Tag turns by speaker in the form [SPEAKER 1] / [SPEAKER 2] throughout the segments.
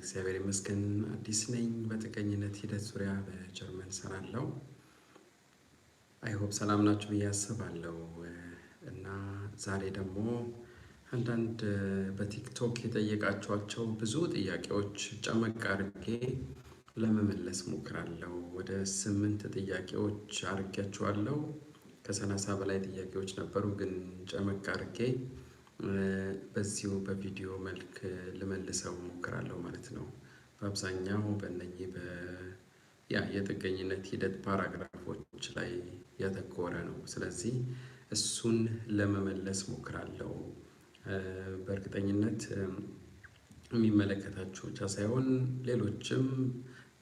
[SPEAKER 1] እግዚአብሔር ይመስገን አዲስ ነኝ። በጥገኝነት ሂደት ዙሪያ በጀርመን ሰራለው። አይሆፕ ሰላም ናችሁ ብዬ አስባለሁ። እና ዛሬ ደግሞ አንዳንድ በቲክቶክ የጠየቃቸዋቸው ብዙ ጥያቄዎች ጨመቅ አድርጌ ለመመለስ ሞክራለው። ወደ ስምንት ጥያቄዎች አድርጌያችኋለሁ። ከሰላሳ በላይ ጥያቄዎች ነበሩ፣ ግን ጨመቅ አድርጌ በዚሁ በቪዲዮ መልክ ልመልሰው ሞክራለሁ ማለት ነው። በአብዛኛው በእነኚህ ያ የጥገኝነት ሂደት ፓራግራፎች ላይ ያተኮረ ነው። ስለዚህ እሱን ለመመለስ ሞክራለሁ። በእርግጠኝነት የሚመለከታችሁ ብቻ ሳይሆን ሌሎችም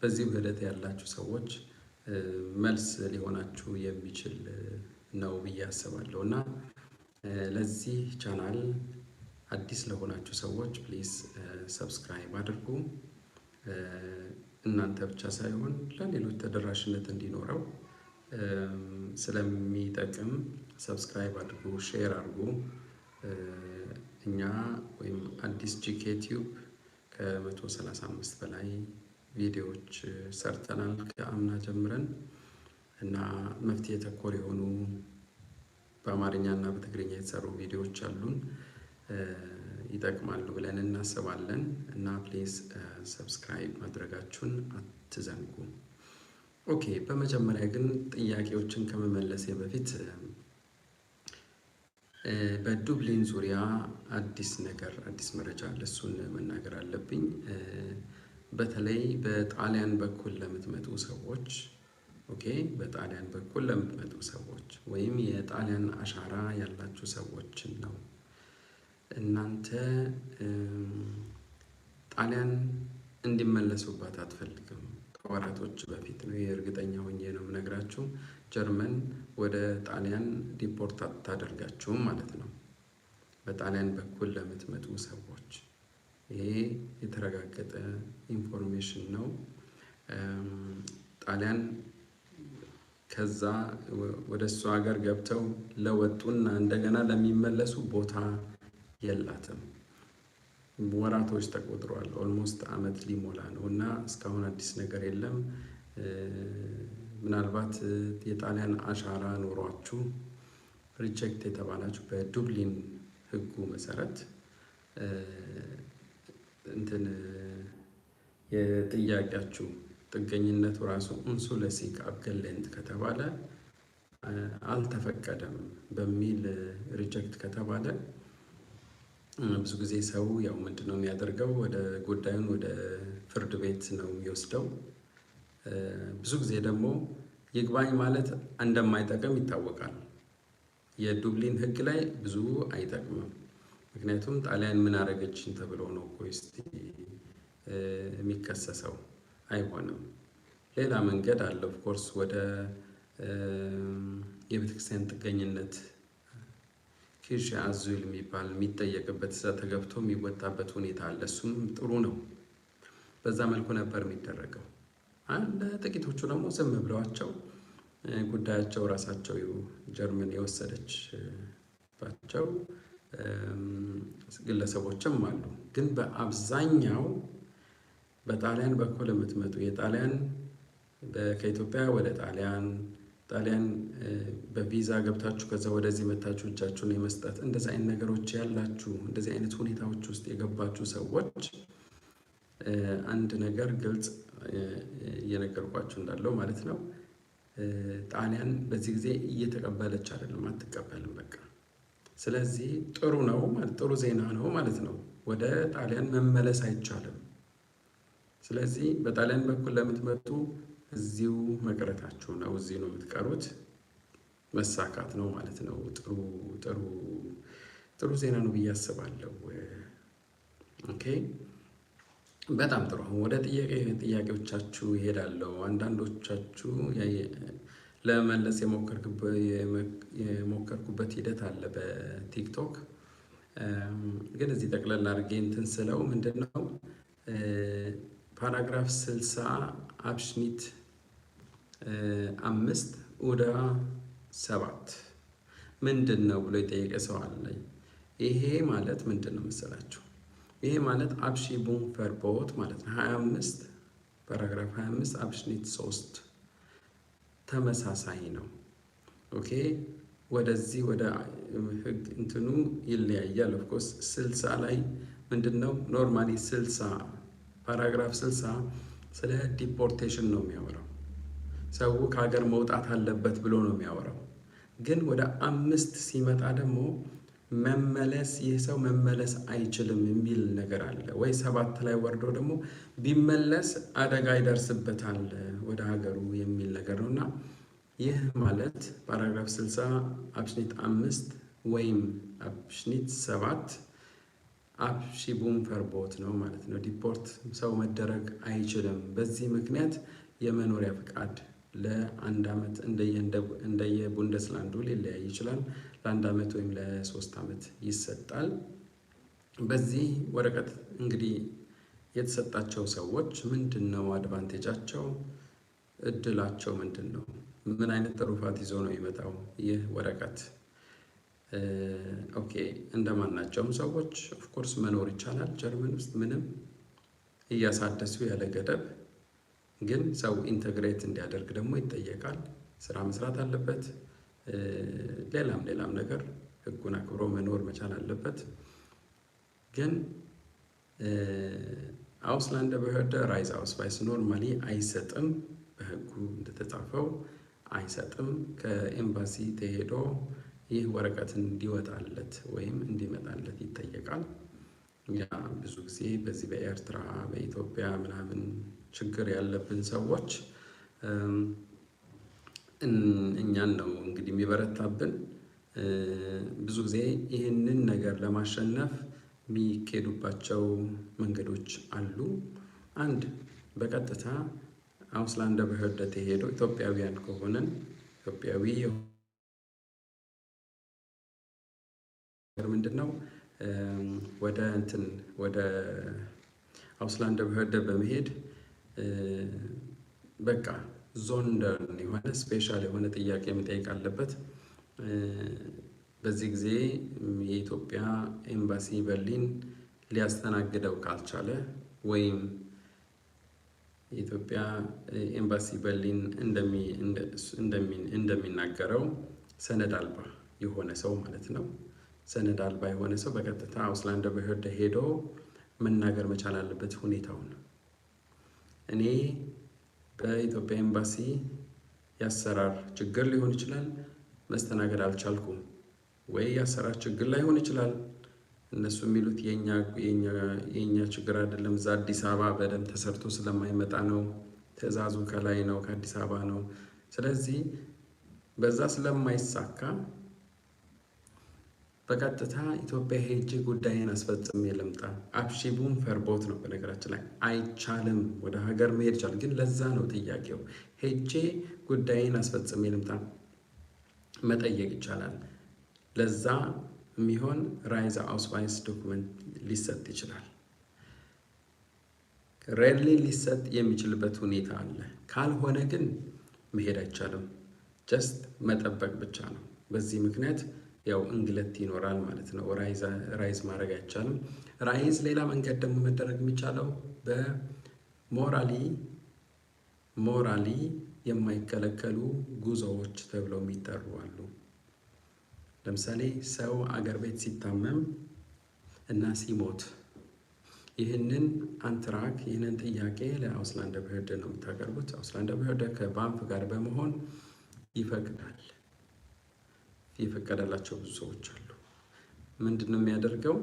[SPEAKER 1] በዚህ ሂደት ያላችሁ ሰዎች መልስ ሊሆናችሁ የሚችል ነው ብዬ አስባለሁ እና ለዚህ ቻናል አዲስ ለሆናችሁ ሰዎች ፕሊስ ሰብስክራይብ አድርጉ። እናንተ ብቻ ሳይሆን ለሌሎች ተደራሽነት እንዲኖረው ስለሚጠቅም ሰብስክራይብ አድርጉ፣ ሼር አድርጉ። እኛ ወይም አዲስ ጂኬ ቲዩብ ከ135 በላይ ቪዲዮዎች ሰርተናል ከአምና ጀምረን እና መፍትሄ ተኮር የሆኑ በአማርኛ እና በትግርኛ የተሰሩ ቪዲዮዎች አሉን። ይጠቅማሉ ብለን እናስባለን እና ፕሌስ ሰብስክራይብ ማድረጋችሁን አትዘንጉ። ኦኬ፣ በመጀመሪያ ግን ጥያቄዎችን ከመመለሴ በፊት በዱብሊን ዙሪያ አዲስ ነገር አዲስ መረጃ ለሱን መናገር አለብኝ። በተለይ በጣሊያን በኩል ለምትመጡ ሰዎች ኦኬ በጣሊያን በኩል ለምትመጡ ሰዎች ወይም የጣሊያን አሻራ ያላችሁ ሰዎችን ነው። እናንተ ጣሊያን እንዲመለሱባት አትፈልግም። ከወራቶች በፊት ነው የእርግጠኛ ሆኜ ነው የምነግራችሁ። ጀርመን ወደ ጣሊያን ዲፖርት አታደርጋችሁም ማለት ነው። በጣሊያን በኩል ለምትመጡ ሰዎች ይሄ የተረጋገጠ ኢንፎርሜሽን ነው። ጣሊያን ከዛ ወደ እሱ ሀገር ገብተው ለወጡና እንደገና ለሚመለሱ ቦታ የላትም። ወራቶች ተቆጥሯል ኦልሞስት አመት ሊሞላ ነው እና እስካሁን አዲስ ነገር የለም። ምናልባት የጣሊያን አሻራ ኖሯችሁ ሪጀክት የተባላችሁ በዱብሊን ህጉ መሰረት እንትን የጥያቄያችሁ ጥገኝነቱ ራሱ እንሱ ለሲቅ አብገለንት ከተባለ አልተፈቀደም በሚል ሪጀክት ከተባለ ብዙ ጊዜ ሰው ያው ምንድን ነው የሚያደርገው ወደ ጉዳዩን ወደ ፍርድ ቤት ነው የሚወስደው። ብዙ ጊዜ ደግሞ ይግባኝ ማለት እንደማይጠቅም ይታወቃል። የዱብሊን ሕግ ላይ ብዙ አይጠቅምም። ምክንያቱም ጣሊያን ምን አደረገችን ተብሎ ነው እኮ እስቲ የሚከሰሰው አይሆንም። ሌላ መንገድ አለ። ኦፍኮርስ ወደ የቤተክርስቲያን ጥገኝነት ኪርሽ አዙል የሚባል የሚጠየቅበት እዛ ተገብቶ የሚወጣበት ሁኔታ አለ። እሱም ጥሩ ነው። በዛ መልኩ ነበር የሚደረገው። አንድ ጥቂቶቹ ደግሞ ዝም ብለዋቸው ጉዳያቸው ራሳቸው ጀርመን የወሰደችባቸው ግለሰቦችም አሉ። ግን በአብዛኛው በጣሊያን በኩል የምትመጡ የጣሊያን ከኢትዮጵያ ወደ ጣሊያን ጣሊያን በቪዛ ገብታችሁ ከዛ ወደዚህ መታችሁ እጃችሁን የመስጠት እንደዚህ አይነት ነገሮች ያላችሁ እንደዚህ አይነት ሁኔታዎች ውስጥ የገባችሁ ሰዎች አንድ ነገር ግልጽ እየነገርኳችሁ እንዳለው ማለት ነው። ጣሊያን በዚህ ጊዜ እየተቀበለች አይደለም፣ አትቀበልም። በቃ ስለዚህ ጥሩ ነው ጥሩ ዜና ነው ማለት ነው። ወደ ጣሊያን መመለስ አይቻልም። ስለዚህ በጣሊያን በኩል ለምትመጡ እዚሁ መቅረታችሁ ነው፣ እዚህ ነው የምትቀሩት። መሳካት ነው ማለት ነው። ጥሩ ጥሩ ጥሩ ዜና ነው ብዬ አስባለሁ። ኦኬ በጣም ጥሩ። አሁን ወደ ጥያቄ ጥያቄዎቻችሁ ይሄዳለሁ። አንዳንዶቻችሁ ለመለስ የሞከርኩበት ሂደት አለ በቲክቶክ ግን እዚህ ጠቅላላ አድርጌ እንትን ስለው ምንድን ነው ፓራግራፍ 60 አብሽኒት አምስት ኡዳ ሰባት ምንድን ነው ብሎ የጠየቀ ሰው አለ። ይሄ ማለት ምንድን ነው መሰላችሁ? ይሄ ማለት አብሺ ቡን ፈርቦት ማለት ነው። 25 ፓራግራፍ 25 አብሽኒት 3 ተመሳሳይ ነው። ኦኬ ወደዚህ ወደ ህግ እንትኑ ይለያያል። ኦፍኮርስ 60 ላይ ምንድን ነው ኖርማሊ 60 ፓራግራፍ 60 ስለ ዲፖርቴሽን ነው የሚያወራው። ሰው ከሀገር መውጣት አለበት ብሎ ነው የሚያወራው። ግን ወደ አምስት ሲመጣ ደግሞ መመለስ ይህ ሰው መመለስ አይችልም የሚል ነገር አለ ወይ ሰባት ላይ ወርዶ ደግሞ ቢመለስ አደጋ ይደርስበታል ወደ ሀገሩ የሚል ነገር ነው እና ይህ ማለት ፓራግራፍ 60 አብሽኒት አምስት ወይም አብሽኒት ሰባት አብ ሺቡም ፈርቦት ነው ማለት ነው። ዲፖርት ሰው መደረግ አይችልም። በዚህ ምክንያት የመኖሪያ ፍቃድ ለአንድ ዓመት እንደየ ቡንደስላንዱ ሊለያይ ይችላል። ለአንድ ዓመት ወይም ለሶስት ዓመት ይሰጣል። በዚህ ወረቀት እንግዲህ የተሰጣቸው ሰዎች ምንድን ነው አድቫንቴጃቸው? እድላቸው ምንድን ነው? ምን አይነት ትሩፋት ይዞ ነው የመጣው ይህ ወረቀት? ኦኬ እንደማናቸውም ሰዎች ኦፍኮርስ መኖር ይቻላል ጀርመን ውስጥ ምንም እያሳደሱ ያለ ገደብ። ግን ሰው ኢንተግሬት እንዲያደርግ ደግሞ ይጠየቃል። ስራ መስራት አለበት። ሌላም ሌላም ነገር ህጉን አክብሮ መኖር መቻል አለበት። ግን አውስላንደ በህደ ራይዝ አውስ ኖርማሊ አይሰጥም፣ በህጉ እንደተጻፈው አይሰጥም። ከኤምባሲ ተሄዶ ይህ ወረቀት እንዲወጣለት ወይም እንዲመጣለት ይጠየቃል። ያ ብዙ ጊዜ በዚህ በኤርትራ በኢትዮጵያ ምናምን ችግር ያለብን ሰዎች እኛን ነው እንግዲህ የሚበረታብን። ብዙ ጊዜ ይህንን ነገር ለማሸነፍ የሚካሄዱባቸው መንገዶች አሉ። አንድ በቀጥታ አውስላንደ ብሕር የሄደው ኢትዮጵያውያን ከሆነን ኢትዮጵያዊ ነገር ምንድነው? ወደ እንትን ወደ አውስላንድ ወደ በመሄድ በቃ ዞንደር የሆነ ስፔሻል የሆነ ጥያቄ መጠየቅ አለበት። በዚህ ጊዜ የኢትዮጵያ ኤምባሲ በርሊን ሊያስተናግደው ካልቻለ ወይም የኢትዮጵያ ኤምባሲ በርሊን እንደሚናገረው ሰነድ አልባ የሆነ ሰው ማለት ነው ሰነድ አልባ የሆነ ሰው በቀጥታ አውስላንደ በህደ ሄዶ መናገር መቻል አለበት ሁኔታውን። እኔ በኢትዮጵያ ኤምባሲ የአሰራር ችግር ሊሆን ይችላል መስተናገድ አልቻልኩም፣ ወይ የአሰራር ችግር ላይሆን ይችላል። እነሱ የሚሉት የእኛ ችግር አይደለም፣ እዛ አዲስ አበባ በደንብ ተሰርቶ ስለማይመጣ ነው፣ ትዕዛዙ ከላይ ነው፣ ከአዲስ አበባ ነው። ስለዚህ በዛ ስለማይሳካ በቀጥታ ኢትዮጵያ ሄጄ ጉዳይን አስፈጽሜ ልምጣ። አብሺቡም ፈርቦት ነው። በነገራችን ላይ አይቻልም፣ ወደ ሀገር መሄድ ይቻላል፣ ግን ለዛ ነው ጥያቄው። ሄጄ ጉዳይን አስፈጽሜ ልምጣ መጠየቅ ይቻላል። ለዛ የሚሆን ራይዝ አውስቫይስ ዶክመንት ሊሰጥ ይችላል። ሬድሊ ሊሰጥ የሚችልበት ሁኔታ አለ። ካልሆነ ግን መሄድ አይቻልም፣ ጀስት መጠበቅ ብቻ ነው። በዚህ ምክንያት ያው እንግለት ይኖራል ማለት ነው። ራይዝ ማድረግ አይቻልም። ራይዝ ሌላ መንገድ ደግሞ መደረግ የሚቻለው በሞራሊ ሞራሊ የማይከለከሉ ጉዞዎች ተብለው የሚጠሩ አሉ። ለምሳሌ ሰው አገር ቤት ሲታመም እና ሲሞት ይህንን አንትራክ ይህንን ጥያቄ ለአውስላንደ ብህርድ ነው የምታቀርቡት። አውስላንደ ብህርድ ከባንፍ ጋር በመሆን ይፈቅዳል። የፈቀደላቸው ብዙ ሰዎች አሉ። ምንድን ነው የሚያደርገው?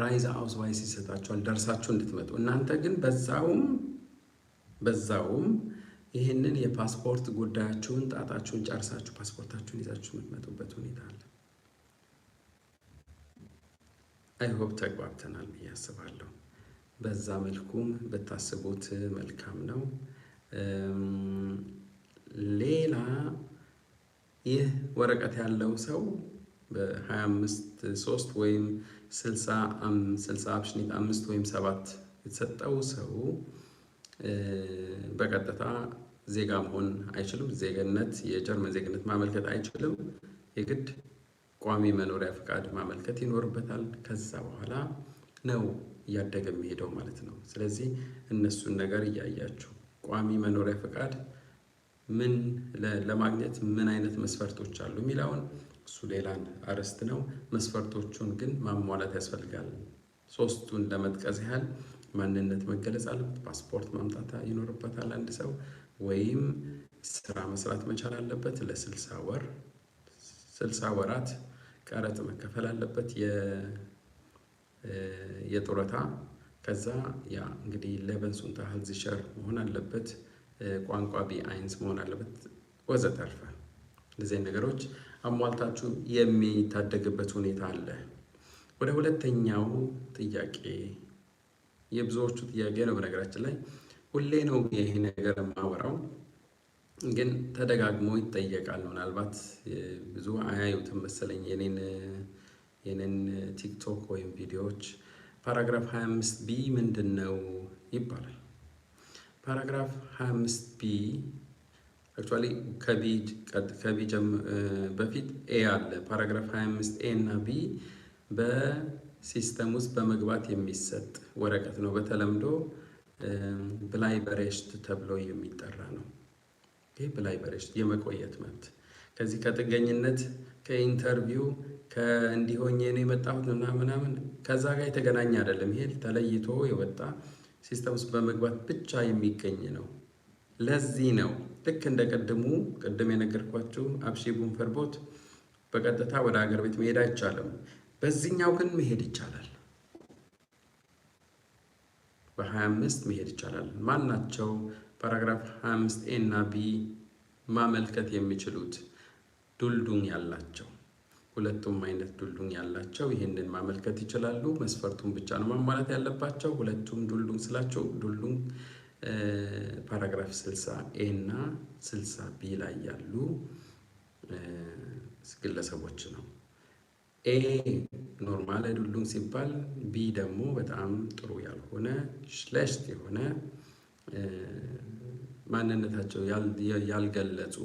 [SPEAKER 1] ራይዝ ዋይስ ይሰጣቸዋል ደርሳችሁ እንድትመጡ። እናንተ ግን በዛውም በዛውም ይህንን የፓስፖርት ጉዳያችሁን ጣጣችሁን ጨርሳችሁ ፓስፖርታችሁን ይዛችሁ የምትመጡበት ሁኔታ አለ። አይሆፕ ተግባብተናል ብዬ አስባለሁ። በዛ መልኩም ብታስቡት መልካም ነው። ሌላ ይህ ወረቀት ያለው ሰው በ25 3 ወይም 60 አብሽኒት 5 ወይም 7 የተሰጠው ሰው በቀጥታ ዜጋ መሆን አይችልም። ዜግነት የጀርመን ዜግነት ማመልከት አይችልም። የግድ ቋሚ መኖሪያ ፈቃድ ማመልከት ይኖርበታል። ከዛ በኋላ ነው እያደገ የሚሄደው ማለት ነው። ስለዚህ እነሱን ነገር እያያችሁ ቋሚ መኖሪያ ፈቃድ ምን ለማግኘት ምን አይነት መስፈርቶች አሉ የሚለውን እሱ ሌላ አርዕስት ነው። መስፈርቶቹን ግን ማሟላት ያስፈልጋል። ሶስቱን ለመጥቀስ ያህል ማንነት መገለጽ አለበት፣ ፓስፖርት ማምጣት ይኖርበታል አንድ ሰው ወይም ስራ መስራት መቻል አለበት። ለስልሳ ወር ስልሳ ወራት ቀረጥ መከፈል አለበት የጡረታ ከዛ ያ እንግዲህ ለበንሱን ታህል መሆን አለበት። ቋንቋ ቢ አይንስ መሆን አለበት ወዘተርፈ እንደዚህ ነገሮች አሟልታችሁ የሚታደግበት ሁኔታ አለ። ወደ ሁለተኛው ጥያቄ የብዙዎቹ ጥያቄ ነው። በነገራችን ላይ ሁሌ ነው ይሄ ነገር የማወራው፣ ግን ተደጋግሞ ይጠየቃል። ምናልባት ብዙ አያዩትም መሰለኝ የኔን ቲክቶክ ወይም ቪዲዮዎች። ፓራግራፍ 25 ቢ ምንድን ነው ይባላል። ፓራግራፍ 25 ቢ አክቹዋሊ ከቢ በፊት ኤ አለ። ፓራግራፍ 25 ኤ እና ቢ በሲስተም ውስጥ በመግባት የሚሰጥ ወረቀት ነው። በተለምዶ ብላይ በሬሽት ተብሎ የሚጠራ ነው። ይህ ብላይ የመቆየት መብት ከዚህ ከጥገኝነት ከኢንተርቪው ከእንዲሆኜ ነው የመጣሁት ምናምን ምናምን ከዛ ጋር የተገናኘ አይደለም። ይሄ ተለይቶ የወጣ ሲስተም ውስጥ በመግባት ብቻ የሚገኝ ነው። ለዚህ ነው ልክ እንደ ቅድሙ ቅድም የነገርኳችሁ አብሺ ቡንፈር ቦት በቀጥታ ወደ ሀገር ቤት መሄድ አይቻልም። በዚህኛው ግን መሄድ ይቻላል። በ25 መሄድ ይቻላል። ማናቸው ፓራግራፍ 25 ኤ እና ቢ ማመልከት የሚችሉት ዱልዱን ያላቸው ሁለቱም አይነት ዱልዱን ያላቸው ይህንን ማመልከት ይችላሉ። መስፈርቱን ብቻ ነው ማሟላት ያለባቸው። ሁለቱም ዱልዱን ስላቸው ዱልዱን ፓራግራፍ 60 ኤ እና 60 ቢ ላይ ያሉ ግለሰቦች ነው። ኤ ኖርማል ዱልዱን ሲባል ቢ ደግሞ በጣም ጥሩ ያልሆነ ሽለሽት የሆነ ማንነታቸው ያልገለጹ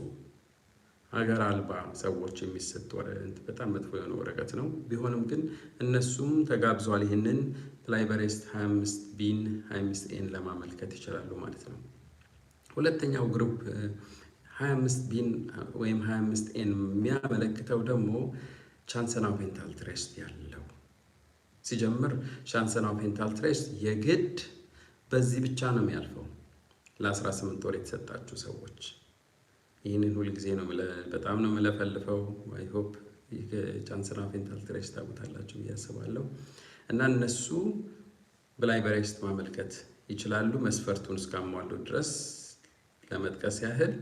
[SPEAKER 1] ሀገር አልባ ሰዎች የሚሰጥ በጣም መጥፎ የሆነ ወረቀት ነው። ቢሆንም ግን እነሱም ተጋብዟል። ይህንን ፕላይበሬስት 25 ቢን 25 ኤን ለማመልከት ይችላሉ ማለት ነው። ሁለተኛው ግሩፕ 25 ቢን ወይም 25 ኤን የሚያመለክተው ደግሞ ቻንሰና ፔንታል ትሬስት ያለው ሲጀምር ቻንሰና ፔንታል ትሬስት የግድ በዚህ ብቻ ነው የሚያልፈው ለ18 ወር የተሰጣችሁ ሰዎች ይህንን ሁልጊዜ ነው በጣም ነው የምለፈልፈው። አይ ሆፕ ቻንስና ፌንታል ትሬስ ታውቁታላችሁ ብዬ አስባለሁ። እና እነሱ በሬስት ማመልከት ይችላሉ መስፈርቱን እስካሟሉ ድረስ ለመጥቀስ ያህል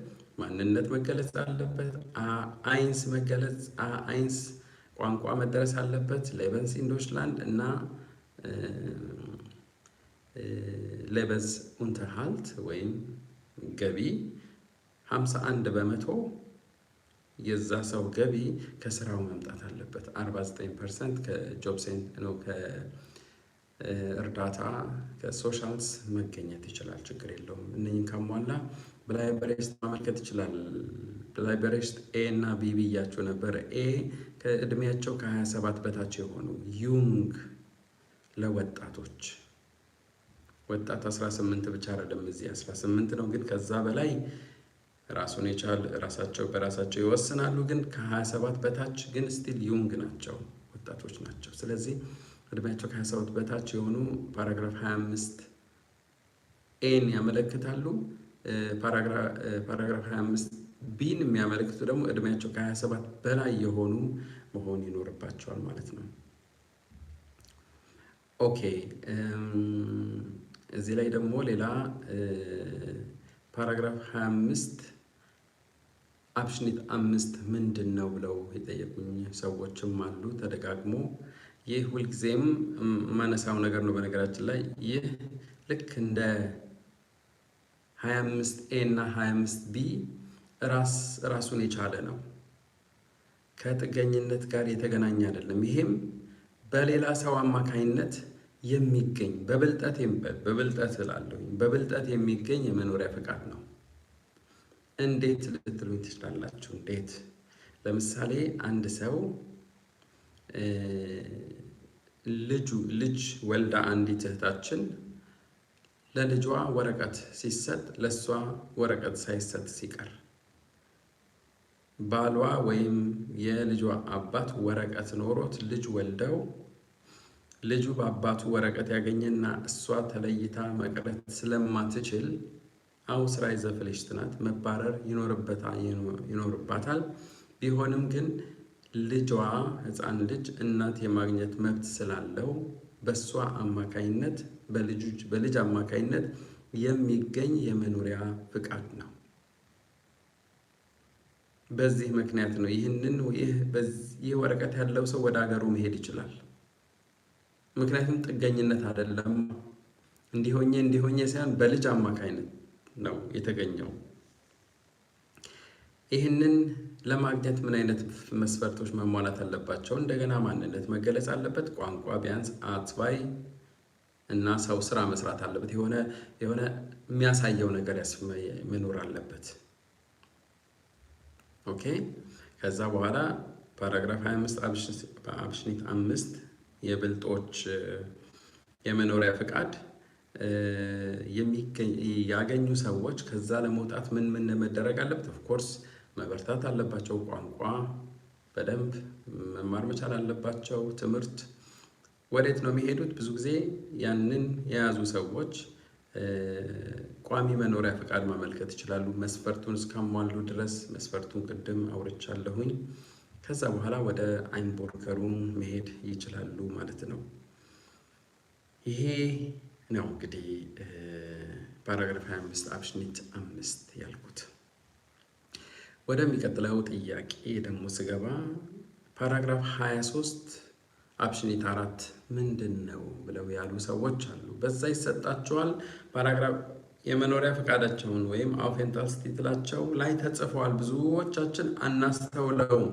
[SPEAKER 1] ማንነት መገለጽ አለበት፣ አይንስ መገለጽ አይንስ ቋንቋ መደረስ አለበት፣ ሌበንስ ኢን ዶችላንድ እና ሌበንስ ኡንተርሃልት ወይም ገቢ 51 በመቶ የዛ ሰው ገቢ ከስራው መምጣት አለበት። 49 ፐርሰንት ከጆብሴን ነው ከእርዳታ ከሶሻልስ መገኘት ይችላል። ችግር የለውም። እነኝን ካሟላ ብላይበሬስት ማመልከት ይችላል። ብላይበሬስት ኤ እና ቢ ብያቸው ነበር። ኤ ከእድሜያቸው ከ27 በታች የሆኑ ዩንግ ለወጣቶች ወጣት 18 ብቻ አይደለም እዚህ 18 ነው፣ ግን ከዛ በላይ ራሱን የቻል ራሳቸው በራሳቸው ይወስናሉ። ግን ከ27 በታች ግን ስቲል ዩንግ ናቸው፣ ወጣቶች ናቸው። ስለዚህ እድሜያቸው ከ27 በታች የሆኑ ፓራግራፍ 25 ኤን ያመለክታሉ። ፓራግራፍ 25 ቢን የሚያመለክቱ ደግሞ እድሜያቸው ከ27 በላይ የሆኑ መሆን ይኖርባቸዋል ማለት ነው። ኦኬ እዚህ ላይ ደግሞ ሌላ ፓራግራፍ 25 አብሽኒት አምስት ምንድን ነው ብለው የጠየቁኝ ሰዎችም አሉ። ተደጋግሞ ይህ ሁልጊዜም የማነሳው ነገር ነው። በነገራችን ላይ ይህ ልክ እንደ 25 ኤ እና 25 ቢ ራሱን የቻለ ነው። ከጥገኝነት ጋር የተገናኘ አይደለም። ይሄም በሌላ ሰው አማካኝነት የሚገኝ በብልጠት በብልጠት እላለሁ በብልጠት የሚገኝ የመኖሪያ ፈቃድ ነው። እንዴት ልትሉኝ ትችላላችሁ። እንዴት ለምሳሌ አንድ ሰው ልጁ ልጅ ወልዳ አንዲት እህታችን ለልጇ ወረቀት ሲሰጥ ለእሷ ወረቀት ሳይሰጥ ሲቀር ባሏ ወይም የልጇ አባት ወረቀት ኖሮት ልጅ ወልደው ልጁ በአባቱ ወረቀት ያገኘና እሷ ተለይታ መቅረት ስለማትችል አው አውስራ የዘፈለች ትናት መባረር ይኖርባታል። ቢሆንም ግን ልጇ ህፃን ልጅ እናት የማግኘት መብት ስላለው በእሷ አማካኝነት በልጅ አማካኝነት የሚገኝ የመኖሪያ ፍቃድ ነው። በዚህ ምክንያት ነው ይህንን ይህ ወረቀት ያለው ሰው ወደ ሀገሩ መሄድ ይችላል። ምክንያቱም ጥገኝነት አይደለም። እንዲሆኜ እንዲሆኜ ሳይሆን በልጅ አማካኝነት ነው የተገኘው። ይህንን ለማግኘት ምን አይነት መስፈርቶች መሟላት አለባቸው? እንደገና ማንነት መገለጽ አለበት። ቋንቋ ቢያንስ አትባይ እና ሰው ስራ መስራት አለበት። የሆነ የሆነ የሚያሳየው ነገር መኖር አለበት። ኦኬ። ከዛ በኋላ ፓራግራፍ 25 አብሽኒት አምስት የብልጦች የመኖሪያ ፍቃድ ያገኙ ሰዎች ከዛ ለመውጣት ምን ምን መደረግ አለበት? ኦፍኮርስ መበርታት አለባቸው። ቋንቋ በደንብ መማር መቻል አለባቸው። ትምህርት ወዴት ነው የሚሄዱት? ብዙ ጊዜ ያንን የያዙ ሰዎች ቋሚ መኖሪያ ፈቃድ ማመልከት ይችላሉ፣ መስፈርቱን እስካሟሉ ድረስ። መስፈርቱን ቅድም አውርቻለሁኝ። ከዛ በኋላ ወደ አይንቦርከሩን መሄድ ይችላሉ ማለት ነው ይሄ ነው እንግዲህ ፓራግራፍ 25 አብሽኒት አምስት ያልኩት። ወደሚቀጥለው ጥያቄ ደግሞ ስገባ ፓራግራፍ 23 አብሽኒት አራት ምንድን ነው ብለው ያሉ ሰዎች አሉ። በዛ ይሰጣቸዋል ፓራግራፍ የመኖሪያ ፈቃዳቸውን ወይም አውቴንታል ስቴትላቸው ላይ ተጽፈዋል። ብዙዎቻችን አናስተውለውም።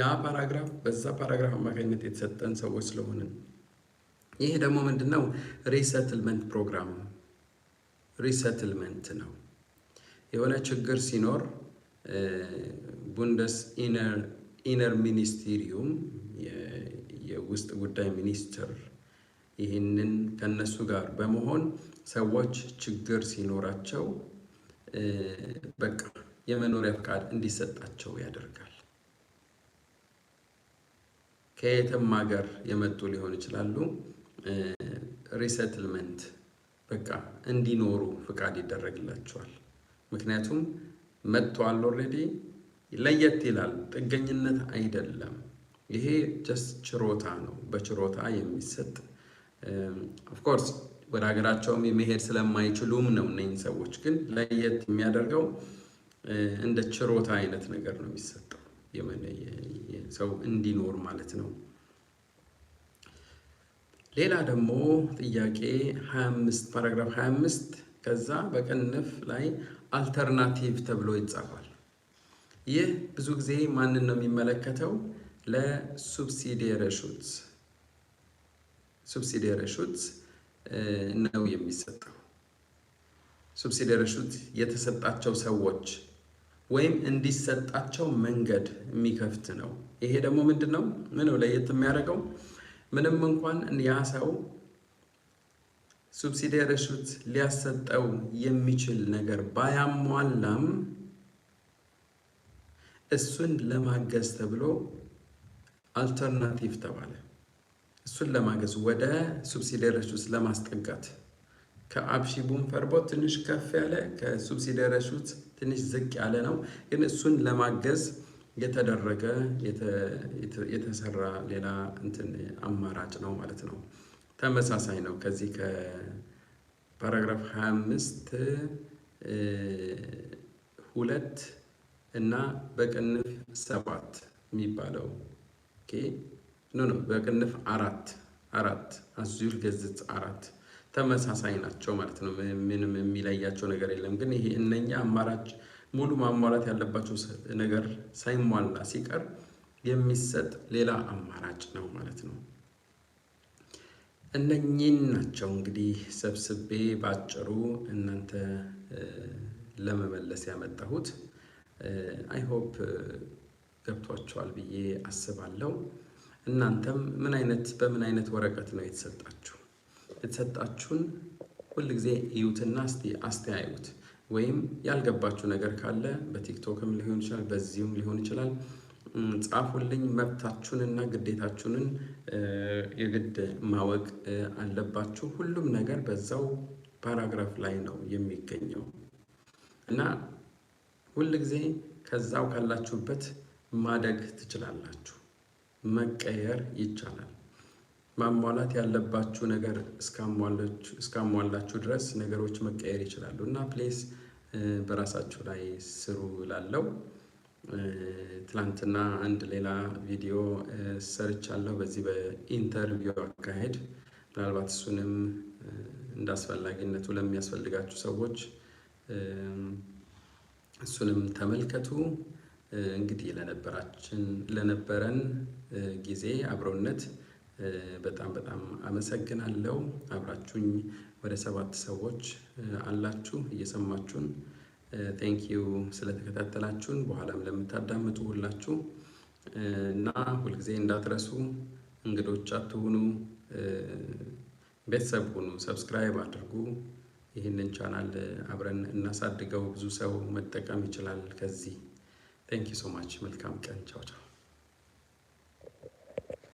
[SPEAKER 1] ያ ፓራግራፍ በዛ ፓራግራፍ አማካኝነት የተሰጠን ሰዎች ስለሆንን ይሄ ደግሞ ምንድን ነው? ሪሰትልመንት ፕሮግራም ሪሰትልመንት ነው። የሆነ ችግር ሲኖር ቡንደስ ኢነር ሚኒስትሪዩም የውስጥ ጉዳይ ሚኒስትር ይህንን ከነሱ ጋር በመሆን ሰዎች ችግር ሲኖራቸው በቃ የመኖሪያ ፍቃድ እንዲሰጣቸው ያደርጋል። ከየትም ሀገር የመጡ ሊሆን ይችላሉ። ሪሰትልመንት በቃ እንዲኖሩ ፍቃድ ይደረግላቸዋል። ምክንያቱም መጥተዋል ኦልሬዲ ለየት ይላል። ጥገኝነት አይደለም ይሄ ጀስት ችሮታ ነው፣ በችሮታ የሚሰጥ ኦፍኮርስ ወደ ሀገራቸውም የመሄድ ስለማይችሉም ነው። እነኝ ሰዎች ግን ለየት የሚያደርገው እንደ ችሮታ አይነት ነገር ነው የሚሰጠው ሰው እንዲኖር ማለት ነው። ሌላ ደግሞ ጥያቄ 25 ፓራግራፍ 25 ከዛ በቅንፍ ላይ አልተርናቲቭ ተብሎ ይጻፋል። ይህ ብዙ ጊዜ ማንን ነው የሚመለከተው? ለሱብሲዲየሪ ሹትስ ሱብሲዲየሪ ሹትስ ነው የሚሰጠው። ሱብሲዲየሪ ሹት የተሰጣቸው ሰዎች ወይም እንዲሰጣቸው መንገድ የሚከፍት ነው። ይሄ ደግሞ ምንድን ነው? ምን ለየት የሚያደርገው ምንም እንኳን ያ ሰው ሱብሲዲያሪ ሹት ሊያሰጠው የሚችል ነገር ባያሟላም እሱን ለማገዝ ተብሎ አልተርናቲቭ ተባለ። እሱን ለማገዝ ወደ ሱብሲዲያሪ ሹት ለማስጠጋት ከአብሺ ቡንፈርቦ ትንሽ ከፍ ያለ ከሱብሲዲያሪ ሹት ትንሽ ዝቅ ያለ ነው፣ ግን እሱን ለማገዝ የተደረገ የተሰራ ሌላ እንትን አማራጭ ነው ማለት ነው። ተመሳሳይ ነው። ከዚህ ከፓራግራፍ 25 ሁለት እና በቅንፍ ሰባት የሚባለው ኖ ኖ በቅንፍ አራት አራት አዙር ገጽ አራት ተመሳሳይ ናቸው ማለት ነው። ምንም የሚለያቸው ነገር የለም። ግን ይሄ እነኛ አማራጭ ሙሉ ማሟላት ያለባቸው ነገር ሳይሟላ ሲቀር የሚሰጥ ሌላ አማራጭ ነው ማለት ነው። እነኚህን ናቸው እንግዲህ ሰብስቤ ባጭሩ እናንተ ለመመለስ ያመጣሁት። አይሆፕ ገብቷቸዋል ብዬ አስባለሁ። እናንተም ምን አይነት በምን አይነት ወረቀት ነው የተሰጣችሁ? የተሰጣችሁን ሁልጊዜ እዩትና አስተያዩት። ወይም ያልገባችሁ ነገር ካለ በቲክቶክም ሊሆን ይችላል፣ በዚሁም ሊሆን ይችላል። ጻፉልኝ። መብታችሁንና ግዴታችሁንን የግድ ማወቅ አለባችሁ። ሁሉም ነገር በዛው ፓራግራፍ ላይ ነው የሚገኘው እና ሁል ጊዜ ከዛው ካላችሁበት ማደግ ትችላላችሁ። መቀየር ይቻላል። ማሟላት ያለባችሁ ነገር እስካሟላችሁ ድረስ ነገሮች መቀየር ይችላሉ እና ፕሌስ በራሳችሁ ላይ ስሩ እላለሁ። ትላንትና አንድ ሌላ ቪዲዮ ሰርቻለሁ በዚህ በኢንተርቪው አካሄድ ምናልባት እሱንም እንደ አስፈላጊነቱ ለሚያስፈልጋችሁ ሰዎች እሱንም ተመልከቱ። እንግዲህ ለነበራችን ለነበረን ጊዜ አብረውነት በጣም በጣም አመሰግናለሁ አብራችሁኝ ወደ ሰባት ሰዎች አላችሁ እየሰማችሁን። ዩ ስለተከታተላችሁን፣ በኋላም ለምታዳምጡ ሁላችሁ እና ሁልጊዜ እንዳትረሱ እንግዶች አትሁኑ፣ ቤተሰብ ሁኑ፣ ሰብስክራይብ አድርጉ። ይህንን ቻናል አብረን እናሳድገው። ብዙ ሰው መጠቀም ይችላል ከዚህ። ዩ ሶ ማች። መልካም ቀን። ቻው ቻው።